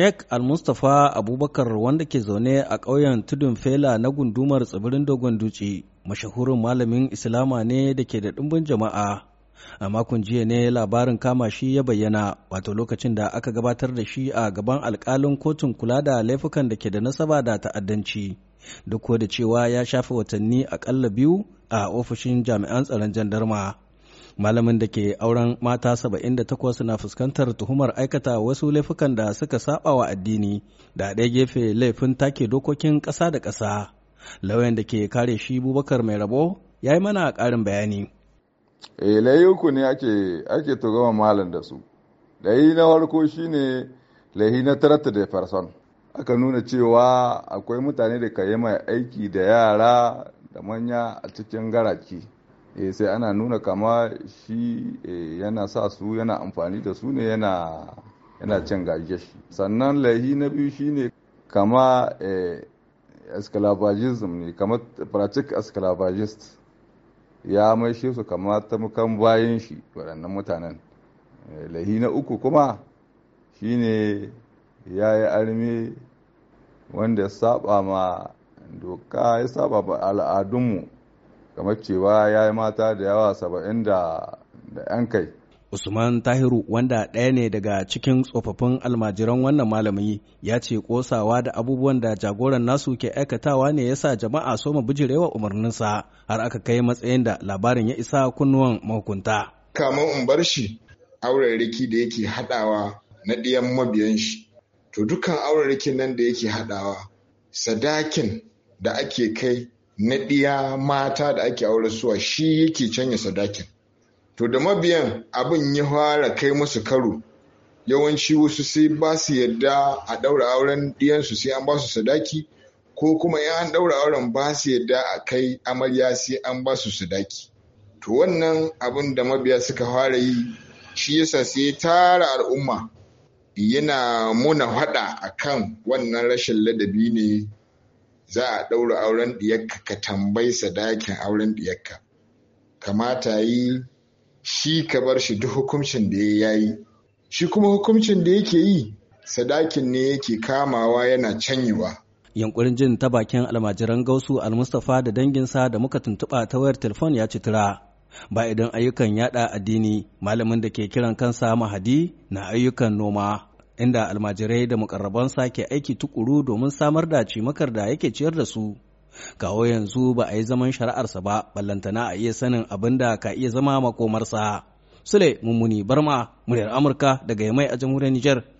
Sheikh Al-Mustapha Abubakar wanda ke zaune a ƙauyen Tudun Fela na gundumar tsibirin Dogon Dutse, mashahurin malamin Islama ne da ke da ɗumbin jama'a. A makon jiya ne labarin kama shi ya bayyana, wato lokacin da aka gabatar da shi a gaban alƙalin kotun kula da laifukan da ke da nasaba da ta'addanci. Duk da cewa ya shafe watanni aƙalla biyu a ofishin jami'an tsaron jandarma. malamin da ke auren mata saba'in 78 na fuskantar tuhumar aikata wasu laifukan da suka saba wa addini da ɗaya gefe laifin take dokokin ƙasa da ƙasa lauyan da ke kare shi bubakar mai rabo ya yi mana ƙarin bayani eh layuku ne ake ake tugama malam da su layi na farko shine layi na tarata da farson aka nuna cewa akwai mutane da ka yi mai aiki da yara da manya a cikin garaki e, sai ana nuna kama shi eh, yana sa su yana amfani da su ne yana yana cin gaje shi sannan laihi na biyu ne kama eh, esclavagism ne kama pratik esclavagist ya maishe su kama ta mukan bayan shi waɗannan mutanen laihi na uku kuma shi ne ya yi arme wanda ya saba ma doka ya saba ba al'adunmu kamar cewa ya yi mata da yawa saba'in da yan kai usman tahiru wanda ɗaya ne daga cikin tsofaffin almajiran wannan malami ya ce kosawa da abubuwan da jagoran nasu ke aikatawa ne ya sa jama'a soma bijirewa umarninsa har aka kai matsayin da labarin ya isa kunnuwan mahukunta kamar in bar shi aurariki da yake haɗawa na ɗiyan mabiyan shi to dukkan aurarikin nan da yake haɗawa sadakin da ake kai na ɗiya mata da ake aure suwa shi yake canya sadakin to da mabiyan abin ya fara kai musu karo yawanci wasu sai ba su yadda a ɗaura auren ɗiyansu sai an ba su sadaki ko kuma in an ɗaura auren ba su yadda a kai amarya sai an ba su sadaki to wannan abin da mabiya suka fara yi shi yasa sai ya tara al'umma yana muna haɗa akan wannan rashin ladabi ne za a ɗaura auren ɗiyarka ka tambayi sadakin auren ɗiyarka kamata yi shi ka bar shi duk hukuncin da ya yi shi kuma hukuncin da yake yi sadakin ne yake kamawa yana canyewa yankurin jin ta bakin almajiran gausu almustafa da danginsa da muka tuntuɓa ta wayar telefon ya citira ba idan ayyukan yada addini malamin da ke kiran kansa mahadi na ayyukan noma inda almajirai da mukarrabansa ke aiki tukuru domin samar da cimakar da yake ciyar da su kawo yanzu ba a yi zaman shari'arsa ba ballantana a iya sanin abin da ka iya zama makomarsa sule mummuni barma muryar amurka daga yamai a jamhuriyar Nijar?